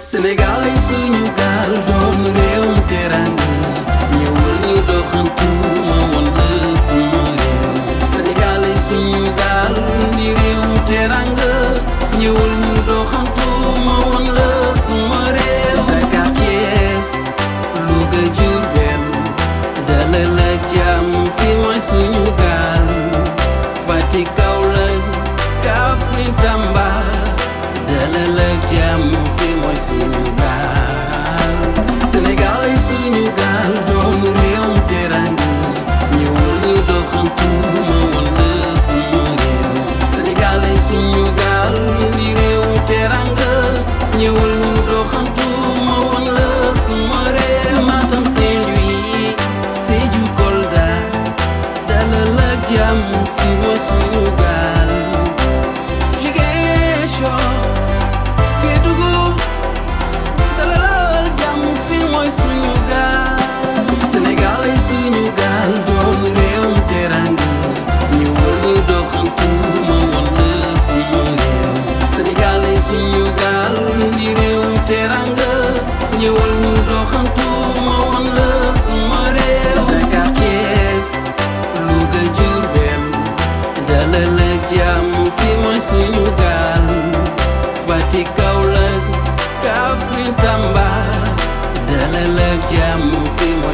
Sénégal ay suñu gaal doon réew mu teranga ñëwal ñu doxantu ma woon la sama réew Sénégal ay suñu gaal di réew mu teranga ñëwal ñu doxantu ma woon la sama réew Dakar Thiès Louga Diourbel dalal ak jàmm fi mooy suñu gaal Fatick Kaolack Kaffrine Tamba dalal ak jàmm ñëwul dalal ak jàmm fi mooy suñu gaan Fatick Kaolack Kaffrine Tamba dalal ak jàmm